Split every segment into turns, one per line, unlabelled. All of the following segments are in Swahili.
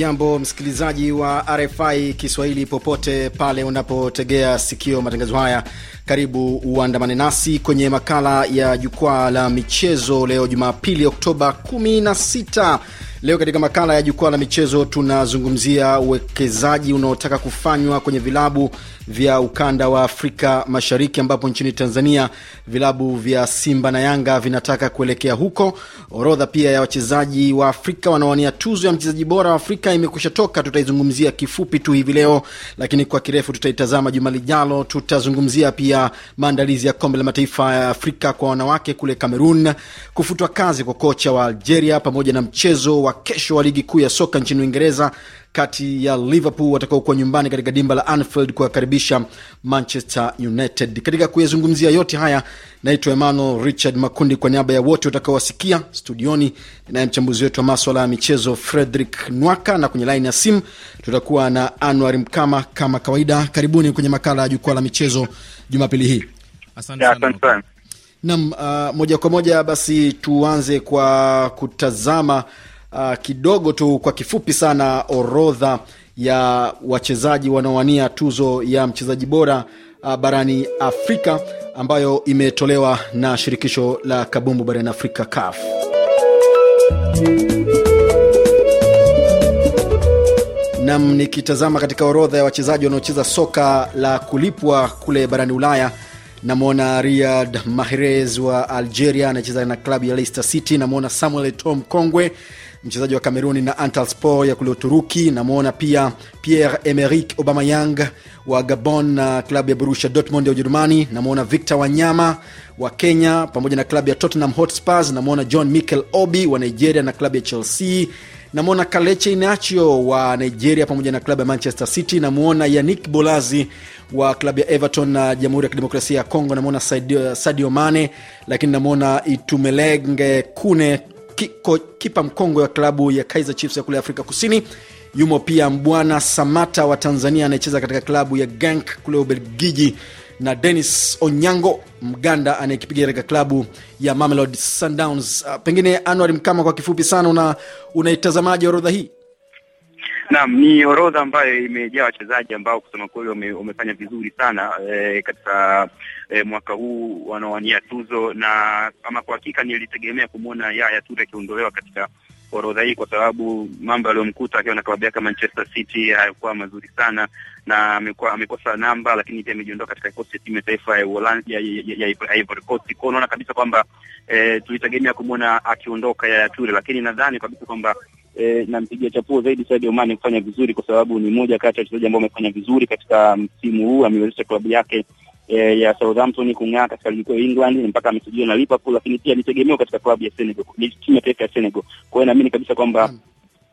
Hujambo msikilizaji wa RFI Kiswahili popote pale unapotegea sikio matangazo haya, karibu uandamane nasi kwenye makala ya jukwaa la michezo leo Jumapili Oktoba 16 Leo katika makala ya jukwaa la michezo tunazungumzia uwekezaji unaotaka kufanywa kwenye vilabu vya ukanda wa Afrika Mashariki, ambapo nchini Tanzania vilabu vya Simba na Yanga vinataka kuelekea huko. Orodha pia ya wachezaji wa Afrika wanaowania tuzo ya mchezaji bora wa Afrika imekwisha toka. Tutaizungumzia kifupi tu hivi leo, lakini kwa kirefu tutaitazama juma lijalo. Tutazungumzia pia maandalizi ya kombe la mataifa ya Afrika kwa wanawake kule Kamerun, kufutwa kazi kwa kocha wa Algeria pamoja na mchezo wa wa kesho wa ligi kuu ya soka nchini Uingereza kati ya Liverpool watakaokuwa nyumbani katika dimba la Anfield kuwakaribisha Manchester United. Katika kuyazungumzia yote haya, naitwa Emmanuel Richard Makundi kwa niaba ya wote utakaowasikia studioni, naye mchambuzi wetu wa maswala ya michezo Frederick Nwaka, na kwenye laini ya simu tutakuwa na Anwar Mkama kama kawaida. Karibuni kwenye makala ya jukwaa la michezo Jumapili hii.
Asante sana.
Naam, uh, moja kwa moja basi tuanze kwa kutazama uh, kidogo tu kwa kifupi sana orodha ya wachezaji wanaowania tuzo ya mchezaji bora uh, barani Afrika ambayo imetolewa na shirikisho la kabumbu barani Afrika CAF. Nam, nikitazama katika orodha ya wachezaji wanaocheza soka la kulipwa kule barani Ulaya, namwona Riyad Mahrez wa Algeria anacheza na klabu ya Leicester City. Namwona Samuel Tom Kongwe mchezaji wa Kameruni na sport ya kule Uturuki. Namwona pia Pierre obama Aubameyang wa Gabon na klabu ya Borussia Dortmund ya Ujerumani. Namwona Victor Wanyama wa Kenya pamoja na klabu ya Tottenham hotspars Namwona John michael Obi wa Nigeria na klabu ya Chelsea. Namwona Kaleche Inacho wa Nigeria pamoja na klabu ya Manchester City. Namwona yanik Bolazi wa klabu ya Everton na Jamhuri ya Kidemokrasia ya Kongo. Namwona Sadio Mane, lakini namwona Itumelenge Kune kipa mkongwe wa klabu ya Kaizer Chiefs ya kule Afrika Kusini. Yumo pia Mbwana Samata wa Tanzania anayecheza katika klabu ya gank kule Ubelgiji, na denis Onyango Mganda anayekipiga katika klabu ya mamelod Sundowns. Ah, pengine Anwar Mkama, kwa kifupi sana, unaitazamaji una orodha hii?
Naam, ni orodha ambayo imejaa wachezaji ambao kusema kweli wamefanya vizuri sana e, katika e, mwaka huu wanaowania tuzo, na kama kwa hakika nilitegemea kumwona Yaya Toure akiondolewa katika orodha hii kwa sababu mambo yaliyomkuta akiwa na klabu yake Manchester City hayakuwa mazuri sana, na amekuwa amekosa namba, lakini pia amejiondoa katika kikosi cha timu ya taifa ya Uholanzi ya, ya, ya Ivory Coast. Kwa unaona kabisa kwamba eh, tulitegemea kumwona akiondoka Yaya Toure, lakini nadhani kabisa kwamba e, na mpiga chapuo zaidi Sadio Mane kufanya vizuri, kwa sababu ni mmoja kati ya wachezaji ambao wamefanya vizuri katika msimu huu. Amewezesha klabu yake e, ya Southampton kung'aa katika ligi kuu ya England mpaka amesajiliwa na Liverpool, lakini pia alitegemewa katika klabu ya Senegal, timu ya taifa ya Senegal. Kwa hiyo naamini kabisa kwamba hmm.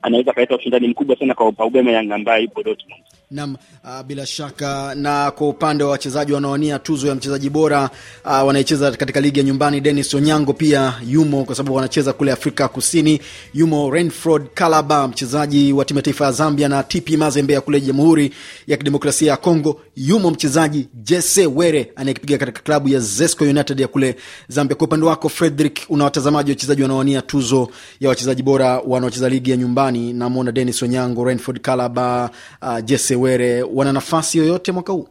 anaweza akaleta ushindani mkubwa sana kwa Aubameyang ambaye yupo Dortmund.
Nam uh, bila shaka. Na kwa upande wa wachezaji wanaowania tuzo ya mchezaji bora uh, ah, wanaecheza katika ligi ya nyumbani, Dennis Onyango pia yumo kwa sababu wanacheza kule Afrika Kusini. Yumo Renfrod Kalaba, mchezaji wa timu ya taifa ya Zambia na TP Mazembe ya kule Jamhuri ya Kidemokrasia ya Kongo. Yumo mchezaji Jesse Were anayekipiga katika klabu ya Zesco United ya kule Zambia. Kwa upande wako Frederick, una watazamaji wachezaji wanaowania tuzo ya wachezaji bora wanaocheza ligi ya nyumbani? Namwona Dennis Onyango, Renfrod Kalaba, uh, Jesse Sewere wana nafasi yoyote mwaka huu?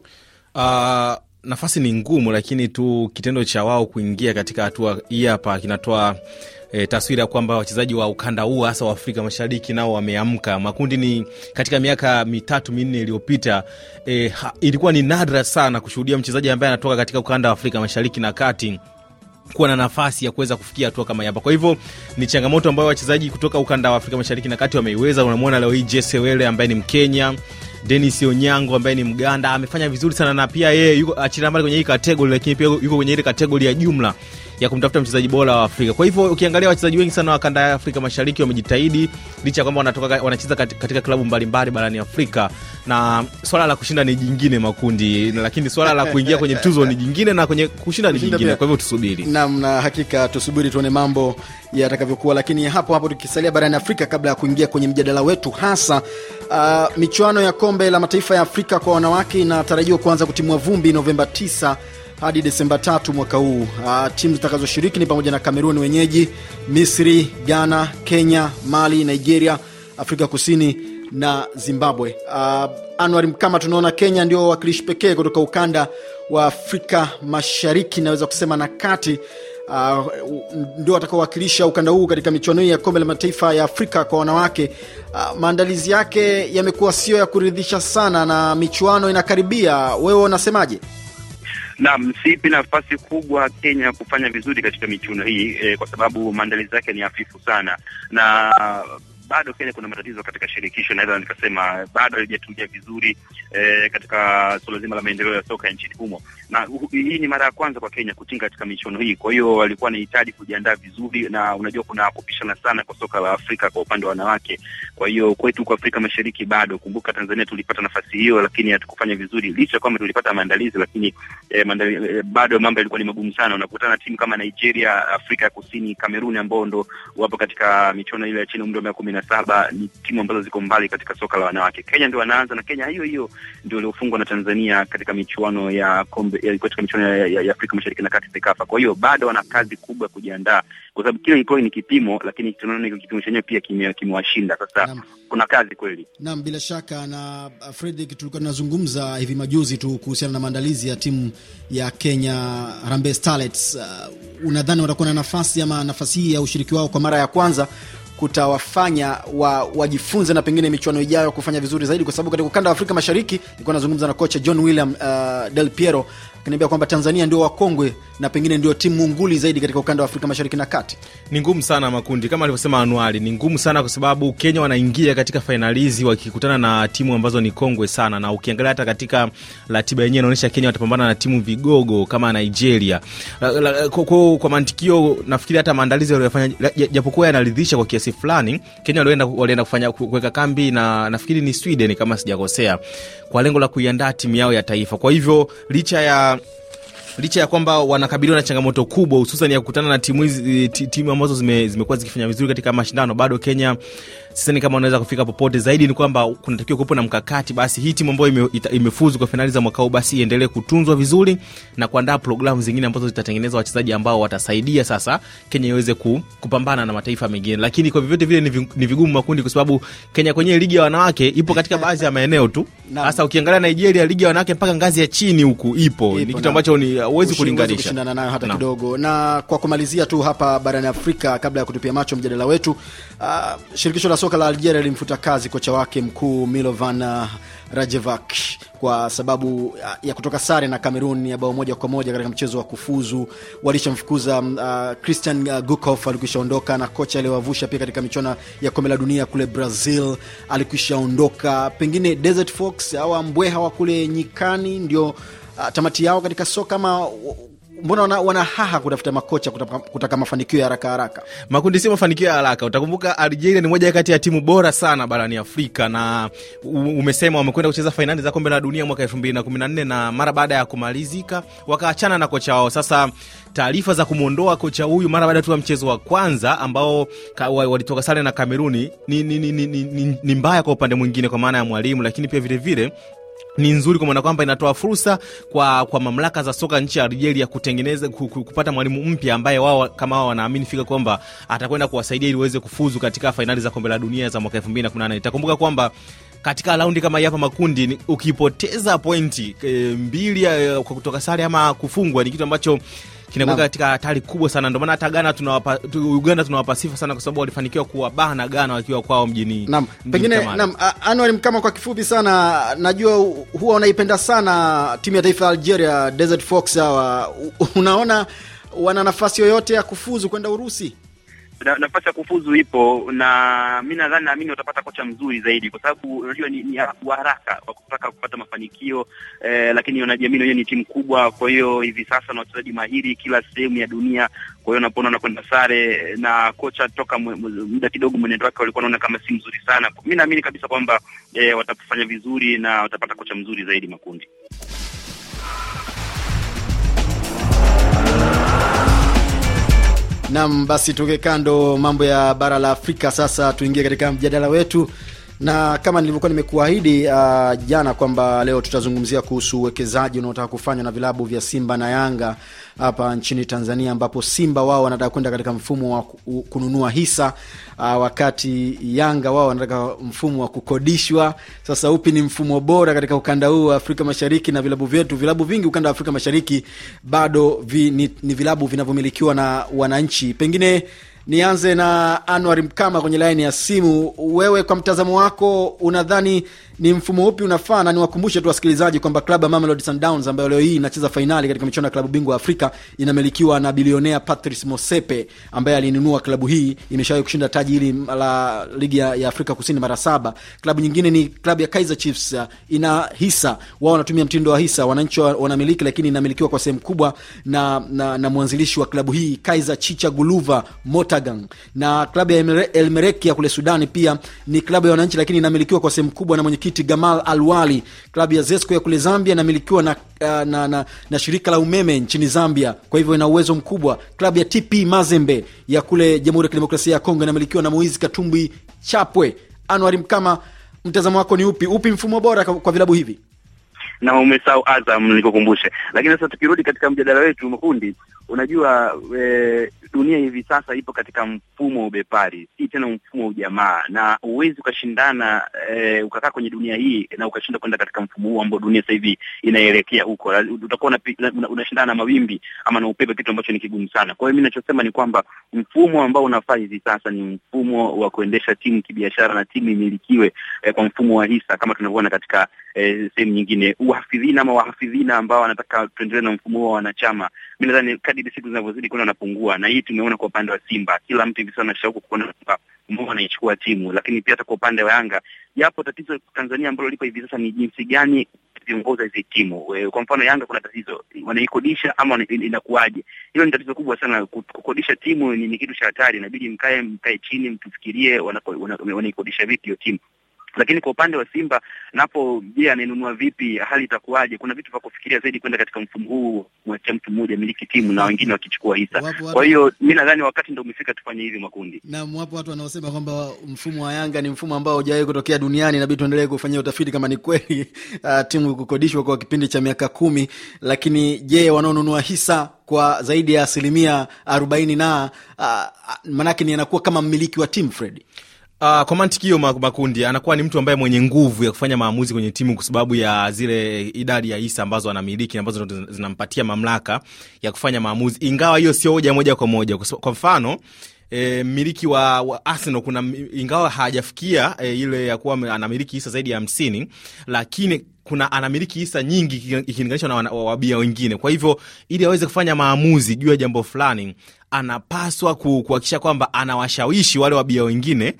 Uh, nafasi ni ngumu, lakini tu kitendo cha wao kuingia katika hatua hii hapa kinatoa e, taswira kwamba wachezaji wa ukanda huu hasa wa Afrika Mashariki nao wameamka. Makundi ni katika miaka mitatu minne iliyopita, e, ilikuwa ni nadra sana kushuhudia mchezaji ambaye anatoka katika ukanda wa Afrika Mashariki na kati kuwa na nafasi ya kuweza kufikia hatua kama hapa. Kwa hivyo ni changamoto ambayo wachezaji kutoka ukanda wa Afrika Mashariki na kati wameiweza. Unamwona leo hii Jesse Wele ambaye ni Mkenya denis Onyango ambaye ni Mganda amefanya vizuri sana, na pia yeye yuko achilia mbali kwenye hii kategori, lakini pia yuko kwenye ile kategori ya jumla ya kumtafuta mchezaji bora wa Afrika. Kwa hivyo ukiangalia wachezaji wengi sana wa kanda ya Afrika Mashariki wamejitahidi licha ya kwamba wanacheza katika klabu mbalimbali barani Afrika, na swala la kushinda ni jingine makundi, lakini swala la kuingia kwenye tuzo ni jingine na kwenye kushinda ni jingine. Kwa hivyo tusubiri
nam, na hakika tusubiri tuone mambo yatakavyokuwa. Lakini hapo hapo tukisalia barani Afrika, kabla ya kuingia kwenye mjadala wetu hasa, uh, michuano ya kombe la mataifa ya Afrika kwa wanawake inatarajiwa kuanza kutimua vumbi Novemba 9 hadi Desemba tatu mwaka huu. Ah, timu zitakazoshiriki ni pamoja na Kamerun wenyeji, Misri, Ghana, Kenya, Mali, Nigeria, Afrika Kusini na Zimbabwe. Uh, Anwar, kama tunaona Kenya ndio wawakilishi pekee kutoka ukanda wa Afrika Mashariki, naweza kusema na kati Uh, ndio watakaowakilisha ukanda huu katika michuano hii ya kombe la mataifa ya Afrika kwa wanawake. Uh, maandalizi yake yamekuwa sio ya kuridhisha sana na michuano inakaribia, wewe unasemaje?
Naam, siipi nafasi kubwa Kenya kufanya vizuri katika michuano hii eh, kwa sababu maandalizi yake ni hafifu sana na uh, bado Kenya kuna matatizo katika shirikisho, naweza nikasema bado halijatulia vizuri e, katika suala zima la maendeleo ya soka nchini humo, na hii ni mara ya kwanza kwa Kenya kutinga katika michuano hii. Kwa hiyo walikuwa wanahitaji kujiandaa vizuri, na unajua kuna kupishana sana kwa soka la Afrika kwa upande wa wanawake. Kwa hiyo kwetu kwa Afrika Mashariki bado, kumbuka Tanzania tulipata nafasi hiyo, lakini hatukufanya vizuri, licha kwamba tulipata maandalizi, lakini e, mandali, e, bado mambo yalikuwa ni magumu sana. Unakutana timu kama Nigeria, Afrika ya Kusini, Kamerun ambao ndo wapo katika michuano ile ya chini umri wa miaka na saba ni timu ambazo ziko mbali katika soka la wanawake. Kenya ndio wanaanza na Kenya hiyo hiyo ndio iliyofungwa na Tanzania katika michuano ya kombe ya, katika michuano ya, ya, ya Afrika Mashariki na Kati CECAFA. Kwa hiyo bado wana kazi kubwa kujiandaa, kwa sababu kile ilikuwa ni kipimo, lakini tunaona iko kipimo chenyewe pia kimewashinda. Sasa kuna kazi kweli.
Naam, bila shaka na uh, Fredrick, tulikuwa tunazungumza hivi majuzi tu kuhusiana na maandalizi ya timu ya Kenya Harambee Starlets. Uh, unadhani watakuwa na nafasi ama nafasi hii ya ushiriki wao kwa mara ya kwanza kutawafanya wa, wajifunze na pengine michuano ijayo kufanya vizuri zaidi, kwa sababu katika ukanda wa Afrika Mashariki nilikuwa nazungumza na kocha John William uh, Del Piero akiniambia kwamba Tanzania ndio wakongwe na pengine ndio timu nguli zaidi katika ukanda wa Afrika Mashariki na Kati.
Ni ngumu sana makundi kama alivyosema Anuari, ni ngumu sana kwa sababu Kenya wanaingia katika fainalizi wakikutana na timu ambazo ni kongwe sana, na ukiangalia hata katika ratiba yenyewe inaonyesha Kenya watapambana na timu vigogo kama Nigeria. Kwa, kwa, kwa mantikio nafikiri hata maandalizi waliyofanya japokuwa yanaridhisha kwa kiasi kikosi fulani Kenya walienda, walienda kufanya kuweka kambi na nafikiri ni Sweden kama sijakosea, kwa lengo la kuiandaa timu yao ya taifa. Kwa hivyo licha ya licha ya kwamba wanakabiliwa na changamoto kubwa, hususan ya kukutana na timu hizi eh, timu ambazo zimekuwa zikifanya vizuri katika mashindano, bado Kenya sisani kama wanaweza kufika popote. Zaidi ni kwamba kunatakiwa kuwepo na mkakati, basi hii timu ambayo imefuzu kwa fainali za mwaka huu basi iendelee kutunzwa vizuri na kuandaa programu zingine ambazo zitatengeneza wachezaji ambao watasaidia sasa Kenya iweze kupambana na mataifa mengine, lakini kwa vyovyote vile ni vigumu makundi, kwa sababu Kenya kwenye ligi ya wanawake ipo katika baadhi ya maeneo tu. sasa ukiangalia Nigeria, ligi ya wanawake mpaka ngazi ya chini huku ipo, ipo ni kitu ambacho huwezi kulinganisha
nayo hata no. kidogo. Na kwa kumalizia tu hapa barani Afrika, kabla ya kutupia macho mjadala wetu, uh, shirikisho la soka la Algeria lilimfuta kazi kocha wake mkuu Milovan rajevak kwa sababu ah, ya kutoka sare na Cameroon ya bao moja kwa moja katika mchezo wa kufuzu. Walishamfukuza uh, Christian uh, gukof alikuishaondoka na kocha aliyowavusha pia katika michuano ya kombe la dunia kule Brazil alikuishaondoka ondoka. Pengine Desert Fox au Ambweha wa kule nyikani ndio Ah, tamati yao katika soka ama mbona wana, wana
haha kutafuta makocha kutaka, kutaka mafanikio ya haraka haraka. Makundi sio mafanikio ya haraka. Utakumbuka Algeria ni moja kati ya timu bora sana barani Afrika, na umesema wamekwenda kucheza fainali za kombe la dunia mwaka elfu mbili na kumi na na nne mara baada ya kumalizika wakaachana na kocha wao. Sasa taarifa za kumwondoa kocha huyu mara baada tu ya mchezo wa kwanza ambao walitoka sare na Kameruni ni, ni, ni, ni, ni, ni mbaya kwa upande mwingine, kwa maana ya mwalimu, lakini pia vilevile vile, ni nzuri kwa maana kwamba inatoa fursa kwa, kwa mamlaka za soka nchi ya Algeria kutengeneza kupata mwalimu mpya ambaye wao kama wao wanaamini fika kwamba atakwenda kuwasaidia ili waweze kufuzu katika fainali za kombe la dunia za mwaka 2018. Itakumbuka kwamba katika raundi kama hapa makundi, ukipoteza pointi e, mbili e, kwa kutoka sare ama kufungwa ni kitu ambacho kinakuweka katika hatari kubwa sana. Ndio maana hata Ghana tunawapa, Uganda tunawapa sifa sana, kwa sababu walifanikiwa kuwabana Ghana wakiwa kwao mjini. Naam, pengine naam,
Anwar Mkama, kwa kifupi sana, najua huwa unaipenda sana timu ya taifa ya Algeria Desert Fox hawa, unaona wana nafasi yoyote ya kufuzu kwenda Urusi?
na, nafasi ya kufuzu ipo na mi nadhani naamini watapata kocha mzuri zaidi, kwa sababu unajua ni, ni haraka wa kutaka kupata mafanikio eh, lakini wanajiamini wenyewe, ni timu kubwa. Kwa hiyo hivi sasa na wachezaji mahiri kila sehemu ya dunia, kwa hiyo napoona nakwenda sare na kocha toka muda kidogo mwenendo wake walikuwa naona kama si mzuri sana, mi naamini kabisa kwamba eh, watafanya vizuri na watapata kocha mzuri zaidi makundi
Nam, basi tuke kando mambo ya bara la Afrika, sasa tuingie katika mjadala wetu na kama nilivyokuwa nimekuahidi uh, jana kwamba leo tutazungumzia kuhusu uwekezaji unaotaka kufanywa na vilabu vya Simba na Yanga hapa nchini Tanzania, ambapo Simba wao wanataka kwenda katika mfumo wa kununua hisa uh, wakati Yanga wao wanataka mfumo wa kukodishwa. Sasa upi ni mfumo bora katika ukanda huu wa Afrika Mashariki na vilabu vyetu? Vilabu vingi ukanda wa Afrika Mashariki bado vi, ni, ni vilabu vinavyomilikiwa na wananchi pengine Nianze na Anwar Mkama kwenye laini ya simu. Wewe kwa mtazamo wako, unadhani ni mfumo upi unafaa? Na niwakumbushe tu wasikilizaji kwamba klabu ya Mamelodi Sundowns ambayo leo hii inacheza fainali katika michuano ya klabu bingwa Afrika inamilikiwa na bilionea Patrice Mosepe ambaye alinunua klabu hii, imeshawahi kushinda taji hili la ligi ya Afrika Kusini mara saba. Klabu nyingine ni klabu ya Kaizer Chiefs, ina hisa, wao wanatumia mtindo wa hisa, wananchi wanamiliki, lakini inamilikiwa kwa sehemu kubwa na, na, na mwanzilishi wa klabu hii Kaizer Chicha Guluva Mota Sagan. na klabu ya Elmereki ya kule Sudani pia ni klabu ya wananchi, lakini inamilikiwa kwa sehemu kubwa na mwenyekiti Gamal Alwali. Klabu ya Zesco ya kule Zambia inamilikiwa na, na, eh, na, na, na shirika la umeme nchini Zambia, kwa hivyo ina uwezo mkubwa. Klabu ya TP Mazembe ya kule Jamhuri ya Kidemokrasia ya Kongo inamilikiwa na Moizi Katumbi Chapwe. Anwar Mkama, mtazamo wako ni upi? Upi mfumo bora kwa vilabu hivi?
na umesahau Azam nikukumbushe. Lakini sasa tukirudi katika mjadala wetu mkundi, unajua e, dunia sasa ipo katika mfumo wa ubepari, si tena mfumo wa ujamaa, na huwezi ukashindana e, ukakaa kwenye dunia hii na ukashinda kwenda katika mfumo huu ambao dunia sasa hivi inaelekea huko. Utakuwa unashindana na mawimbi ama na upepo, kitu ambacho ni kigumu sana. Kwa hiyo mimi ninachosema ni kwamba mfumo ambao unafaa hivi sasa ni mfumo wa kuendesha timu kibiashara na timu imilikiwe e, kwa mfumo wa hisa kama tunavyoona katika e, sehemu nyingine. Uhafidhina ama wahafidhina ambao wanataka tuendelee na mfumo wa wanachama mi nadhani kadiri siku zinavyozidi kwenda wanapungua, na hii tumeona kwa upande wa Simba, kila mtu hivi sasa anashauku kuona Mungu anaichukua timu, lakini pia hata kwa upande wa Yanga, japo tatizo Tanzania ambalo lipo hivi sasa ni jinsi gani viongoza hizi timu. Eh, kwa mfano Yanga kuna tatizo, wanaikodisha ama inakuwaje? Hilo ni tatizo kubwa sana. Kukodisha timu ni, ni kitu cha hatari, inabidi mkae mkae chini mtufikirie wanaikodisha wana, wana vipi hiyo timu. Lakini kwa upande wa Simba napo, je, amenunua vipi? Hali itakuwaje? Kuna vitu vya kufikiria zaidi kwenda katika mfumo huu, mwachia mtu mmoja miliki timu na wengine wakichukua hisa. Kwa hiyo mi nadhani wakati ndio umefika tufanye hivi makundi.
Naam, wapo watu wanaosema kwamba mfumo wa Yanga ni mfumo ambao hujawahi kutokea duniani, inabidi tuendelee kufanyia utafiti kama ni kweli uh, timu kukodishwa kwa kipindi cha miaka kumi. Lakini je, wanaonunua hisa kwa zaidi ya asilimia arobaini na uh, manake ni anakuwa kama mmiliki wa timu Fred
Uh, kwa hiyo makundi anakuwa ni mtu ambaye mwenye nguvu ya kufanya maamuzi kwenye timu kwa sababu ya zile idadi ya hisa ambazo anamiliki ambazo zinampatia mamlaka ya kufanya maamuzi, ingawa hiyo sio hoja moja kwa moja. Kwa mfano e, miliki wa, wa Arsenal kuna ingawa hajafikia e, ile ya kuwa anamiliki hisa zaidi ya hamsini lakini kuna anamiliki hisa nyingi ikilinganishwa na wabia wengine. Kwa hivyo ili aweze kufanya maamuzi juu ya jambo fulani, anapaswa kuhakikisha kwamba anawashawishi wale wabia wengine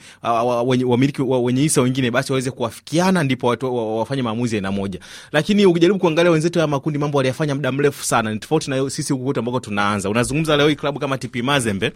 wamiliki wa, wa, wa, wenye hisa wengine, basi waweze kuafikiana, ndipo watu wa, wa, wafanye maamuzi aina moja. Lakini ukijaribu kuangalia wenzetu ya makundi, mambo waliyafanya muda mrefu sana, ni tofauti na sisi huku kwetu ambako tunaanza. Unazungumza leo hii klabu kama TP Mazembe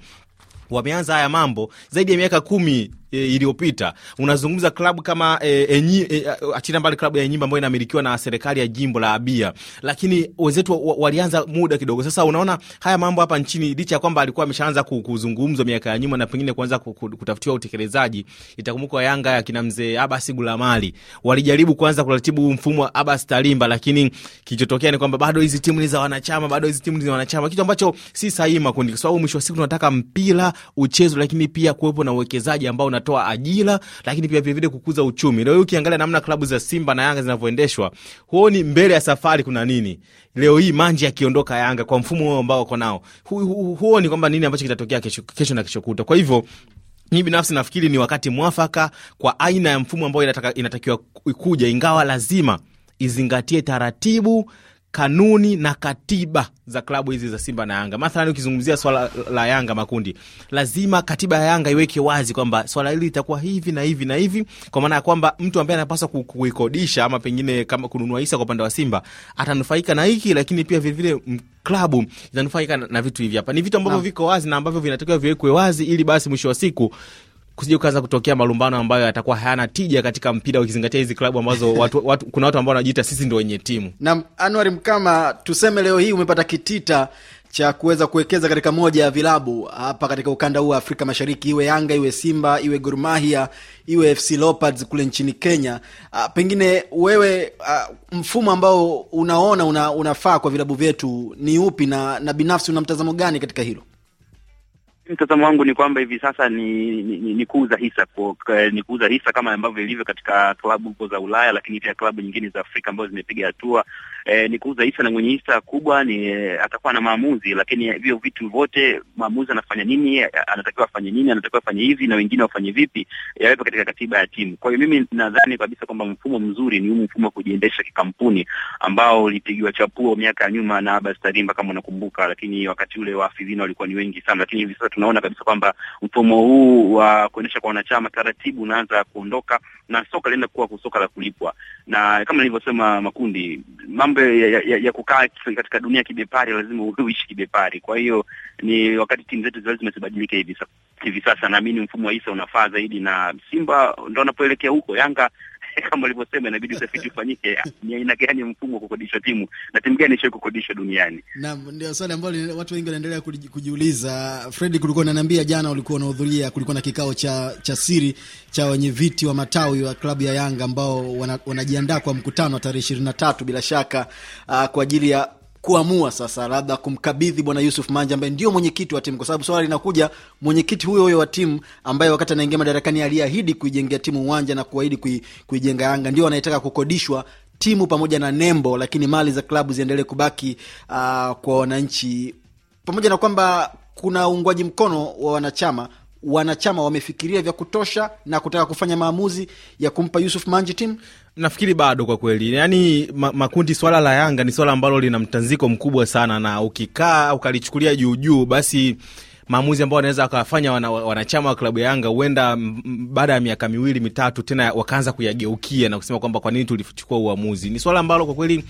wameanza haya mambo zaidi ya miaka kumi E, iliyopita. Unazungumza klabu kama e, e, e, achina mbali klabu ya Enyimba ambayo inamilikiwa na serikali ya jimbo la Abia, lakini wenzetu walianza muda kidogo. Sasa unaona haya mambo hapa nchini, licha ya kwamba alikuwa ameshaanza kuzungumzwa miaka ya nyuma na pengine kuanza kutafutiwa utekelezaji. Itakumbukwa Yanga ya kina mzee Abasi Gulamali walijaribu kuanza kuratibu mfumo wa Abasi Talimba, lakini kilichotokea ni kwamba bado hizi timu ni za wanachama, bado hizi timu ni za wanachama, kitu ambacho si sahihi makundi, kwa sababu mwisho wa siku tunataka mpira uchezwe, lakini pia kuwepo na uwekezaji ambao una inatoa ajira, lakini pia vilevile kukuza uchumi. Leo hii ukiangalia namna klabu za Simba na Yanga zinavyoendeshwa, huoni mbele ya safari kuna nini. Leo hii Manji akiondoka Yanga kwa mfumo huo ambao wako nao, huoni kwamba nini ambacho kitatokea kesho, kesho na kesho kutwa. Kwa hivyo mi binafsi nafikiri ni wakati mwafaka kwa aina ya mfumo ambayo inatakiwa kuja, ingawa lazima izingatie taratibu kanuni na katiba za klabu hizi za Simba na Yanga. Mathalan, ukizungumzia swala la Yanga makundi, lazima katiba ya Yanga iweke wazi kwamba swala hili litakuwa hivi na hivi na hivi, kwa maana ya kwamba mtu ambaye anapaswa kuikodisha ama pengine kama kununua hisa kwa upande wa Simba atanufaika na hiki, lakini pia vilevile klabu inanufaika na vitu hivi. Hapa ni vitu ambavyo viko wazi na ambavyo vinatakiwa viwekwe wazi, ili basi mwisho wa siku kusija kukaanza kutokea malumbano ambayo yatakuwa hayana tija katika mpira, ukizingatia hizi klabu ambazo watu, watu, kuna watu ambao wanajiita sisi ndo wenye timu.
nam Anwar Mkama, tuseme leo hii umepata kitita cha kuweza kuwekeza katika moja ya vilabu hapa katika ukanda huu wa Afrika Mashariki, iwe Yanga, iwe Simba, iwe gurmahia iwe FC Leopards kule nchini Kenya. A, ah, pengine wewe a, ah, mfumo ambao unaona una, unafaa kwa vilabu vyetu ni upi na, na binafsi una mtazamo gani
katika hilo? Mtazamo wangu ni kwamba hivi sasa ni ni, ni, ni kuuza hisa kwa, ni kuuza hisa kama ambavyo ilivyo katika klabu huko za Ulaya, lakini pia klabu nyingine za Afrika ambazo zimepiga hatua e, ni kuuza hisa na mwenye hisa kubwa ni e, atakuwa na maamuzi, lakini eh, hivyo vitu vyote, maamuzi anafanya nini, anatakiwa afanye nini, anatakiwa afanye hivi na wengine wafanye vipi, yawepo katika katiba ya timu. Kwa hiyo mimi nadhani kabisa kwamba mfumo mzuri ni huu mfumo wa kujiendesha kikampuni ambao ulipigiwa chapuo miaka ya nyuma na Abas Tarimba, kama unakumbuka, lakini wakati ule waafidhina walikuwa ni wengi sana, lakini hivi sasa tunaona kabisa kwamba mfumo huu wa kuendesha kwa wanachama taratibu unaanza kuondoka na soka linaenda kuwa soka la kulipwa, na kama nilivyosema makundi mama mambo ya, ya, ya kukaa katika dunia ya kibepari, lazima uishi kibepari. Kwa hiyo ni wakati timu zetu lazima zibadilike hivi sasa hivi sasa naamini mfumo wa Isa unafaa zaidi, na Simba ndo anapoelekea huko. Yanga kama walivyosema, inabidi utafiti ufanyike, ni aina gani mfumo wa kukodishwa timu na timu gani ishawahi kukodishwa duniani.
Naam, ndio swali ambalo watu wengi wanaendelea kujiuliza. Fred, kulikuwa unaniambia jana ulikuwa unahudhuria, kulikuwa na kikao cha cha siri cha wenye viti wa matawi wa klabu ya Yanga ambao wanajiandaa wana kwa mkutano wa tarehe ishirini na tatu bila shaka uh, kwa ajili ya kuamua sasa labda kumkabidhi bwana Yusuf manji ambaye ndio mwenyekiti wa timu, kwa sababu swala linakuja, mwenyekiti huyo huyo wa timu ambaye wakati anaingia madarakani aliahidi kuijengea timu uwanja na kuahidi kuijenga Yanga, ndio anayetaka kukodishwa timu pamoja na nembo, lakini mali za klabu ziendelee kubaki uh, kwa wananchi, pamoja na kwamba kuna uungwaji mkono wa wanachama wanachama wamefikiria vya kutosha na kutaka kufanya maamuzi ya kumpa Yusuf Manji timu
Nafikiri bado kwa kweli, yaani ma, makundi, swala la Yanga ni swala ambalo lina mtanziko mkubwa sana, na ukikaa ukalichukulia juujuu, basi maamuzi ambao wanaweza wakawafanya wana, wanachama wa klabu ya Yanga huenda baada ya miaka miwili mitatu tena wakaanza kuyageukia na kusema kwamba kwa nini tulichukua uamuzi. Ni swala ambalo kwa kweli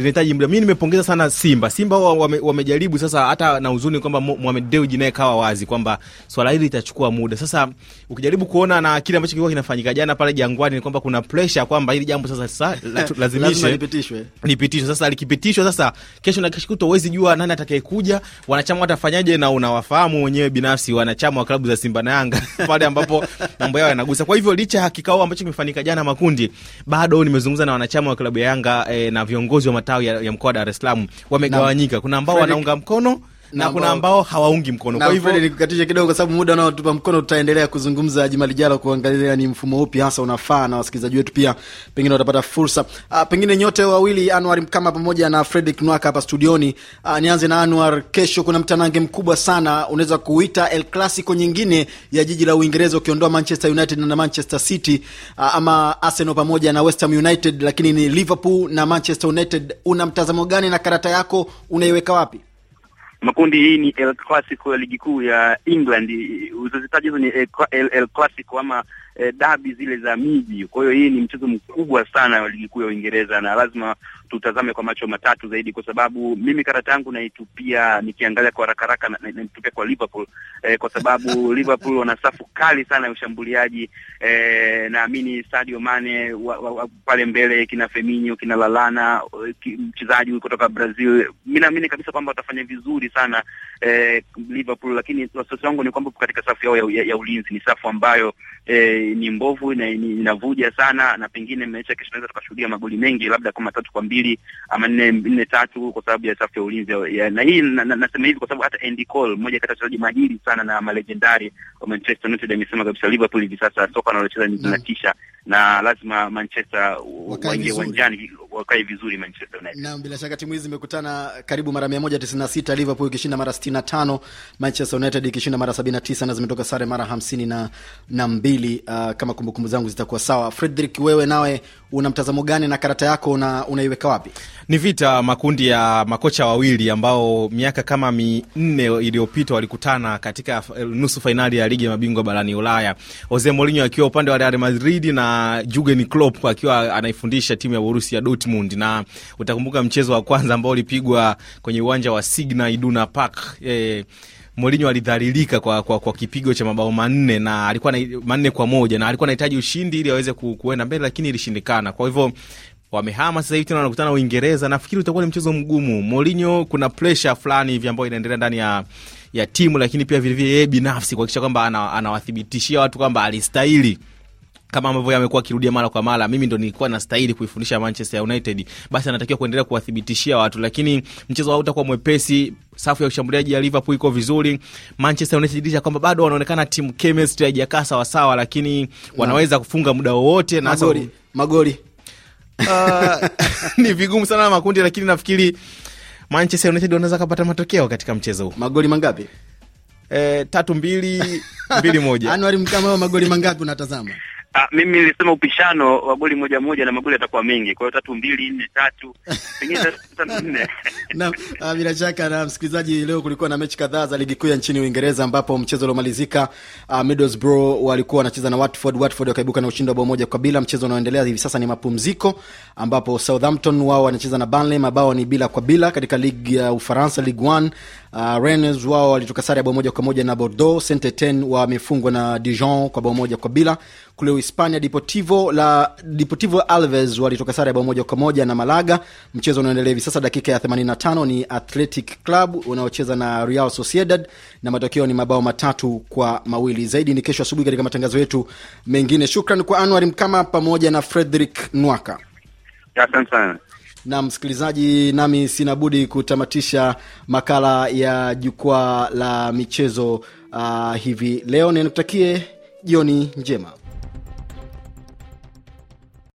linahitaji muda. Mi nimepongeza sana Simba. Simba wame, wamejaribu sasa, hata na huzuni kwamba Mohamed Dewji naye kawa wazi kwamba swala hili litachukua muda. Sasa ukijaribu kuona na kile ambacho kilikuwa kinafanyika jana pale Jangwani ni kwamba kuna pressure kwamba hili jambo sasa sasa lazimishwe lipitishwe, lipitishwe. Sasa likipitishwa sasa, kesho na kesho kutwa huwezi jua nani atakayekuja, wanachama watafanyaje, na unawafahamu wenyewe binafsi wanachama wa klabu za Simba na Yanga pale ambapo mambo yao yanagusa. Kwa hivyo licha ya kikao ambacho kimefanyika jana makundi, bado nimezungumza na wanachama wa klabu ya Yanga eh, na viongozi wa matawi ya, ya mkoa wa Dar es Salaam wamegawanyika. Kuna ambao wanaunga mkono na, kuna ambao hawaungi mkono. Kwa hivyo
nikukatishe kidogo, kwa sababu muda unaotupa mkono, tutaendelea kuzungumza jumalijalo kuangalia ni mfumo upi hasa unafaa, na wasikilizaji wetu pia pengine watapata fursa. A, ah, pengine nyote wawili Anwar Mkama pamoja na Fredrick Nwaka hapa studioni. A, ah, nianze na Anwar. Kesho kuna mtanange mkubwa sana, unaweza kuita El Clasico nyingine ya jiji la Uingereza, ukiondoa Manchester United na Manchester City a, ah, ama Arsenal pamoja na West Ham United, lakini ni Liverpool na Manchester United. Una mtazamo gani na karata yako unaiweka wapi?
makundi. Hii ni El Clasico ya ligi kuu ya England, uzozitaji hizo ni El, El, El Clasico ama eh, dabi zile za miji. Kwa hiyo hii ni mchezo mkubwa sana wa ligi kuu ya Uingereza na lazima tutazame kwa macho matatu zaidi, kwa sababu mimi karata yangu naitupia nikiangalia kwa haraka haraka, naitupia kwa Liverpool eh, kwa sababu Liverpool wana safu kali sana ya ushambuliaji eh, naamini Sadio Mane wa, wa, wa, pale mbele kina Firmino kina Lalana eh, ki, mchezaji kutoka Brazil, mimi naamini kabisa kwamba watafanya vizuri sana eh, Liverpool, lakini wasiwasi wangu ni kwamba katika safu yao ya, ya, ya ulinzi ni safu ambayo eh, ni mbovu na inavuja sana na pengine mechi kesho tunaweza tukashuhudia magoli mengi labda kwa matatu kwa mbili mbili ama nne nne tatu kwa sababu ya safu ya ulinzi na hii na, na, nasema hivi kwa sababu hata Andy Cole mmoja kati ya wachezaji mahiri sana na malegendari wa Manchester United amesema kabisa Liverpool hivi sasa soka analocheza ni zinatisha na lazima Manchester waingie uwanjani wakae vizuri Manchester
United. Naam, bila shaka timu hizi zimekutana karibu mara 196, Liverpool ikishinda mara 65, Manchester United ikishinda mara 79 na zimetoka sare mara 52 na, na mbili, uh, kama kumbukumbu zangu zitakuwa sawa. Frederick, wewe nawe una mtazamo gani na karata yako una, unaiweka wapi?
Ni vita makundi ya makocha wawili ambao miaka kama minne iliyopita walikutana katika eh, nusu fainali ya ligi ya mabingwa barani Ulaya, Jose Mourinho akiwa upande wa Real Madrid na Jurgen Klopp akiwa anaifundisha timu ya Borussia Dortmund Dortmund, na utakumbuka mchezo wa kwanza ambao ulipigwa kwenye uwanja wa Signal Iduna Park eh, Mourinho alidhalilika kwa, kwa, kwa kipigo cha mabao manne na alikuwa na, manne kwa moja na alikuwa anahitaji ushindi ili aweze kuenda mbele, lakini ilishindikana. Kwa hivyo wamehama sasa hivi tena wanakutana Uingereza. Nafikiri utakuwa ni mchezo mgumu. Mourinho kuna pressure fulani hivi ambayo inaendelea ndani ya ya timu, lakini pia vilevile yeye binafsi kuhakikisha kwamba anawathibitishia ana watu kwamba alistahili kama ambavyo amekuwa akirudia mara kwa mara, mimi ndo nilikuwa nastahili kuifundisha Manchester United, basi anatakiwa kuendelea kuwathibitishia watu, lakini mchezo wao utakuwa mwepesi. Safu ya ushambuliaji ya Liverpool iko vizuri. Manchester United dirisha kwamba bado wanaonekana timu chemistry haijakaa sawa sawa, lakini wanaweza kufunga muda wowote na magoli, magoli. Uh, ni vigumu sana na makundi, lakini nafikiri Manchester United wanaweza kupata matokeo katika mchezo huu. Magoli mangapi? Eh, tatu mbili mbili moja. Anuari Mkama, magoli mangapi unatazama?
Ah, mimi nilisema upishano wa goli moja moja na magoli yatakuwa mengi, kwa hiyo tatu mbili nne tatu pengine tatu nne.
Naam, ah, bila shaka na msikilizaji, leo kulikuwa na mechi kadhaa za ligi kuu ya nchini Uingereza ambapo mchezo uliomalizika uh, Middlesbrough walikuwa wanacheza na Watford, Watford wakaibuka na ushindi wa bao moja kwa bila. Mchezo unaoendelea hivi sasa ni mapumziko, ambapo Southampton wao wanacheza na Burnley, mabao ni bila kwa bila katika ligi ya Ufaransa Ligue 1 Uh, Rennes wao walitoka sare ya bao moja kwa moja na Bordeaux. Saint Etienne wamefungwa na Dijon kwa bao moja kwa bila. Kule Hispania, Deportivo la Deportivo Alves walitoka sare ya bao moja kwa moja na Malaga. Mchezo unaendelea hivi sasa, dakika ya 85 ni Athletic Club unaocheza na Real Sociedad, na matokeo ni mabao matatu kwa mawili. Zaidi ni kesho asubuhi katika matangazo yetu mengine. Shukran kwa Anwar Mkama pamoja na Frederick Nwaka.
Asante sana
na msikilizaji, nami sina budi kutamatisha makala ya jukwaa la michezo uh, hivi leo. Ninakutakie jioni njema.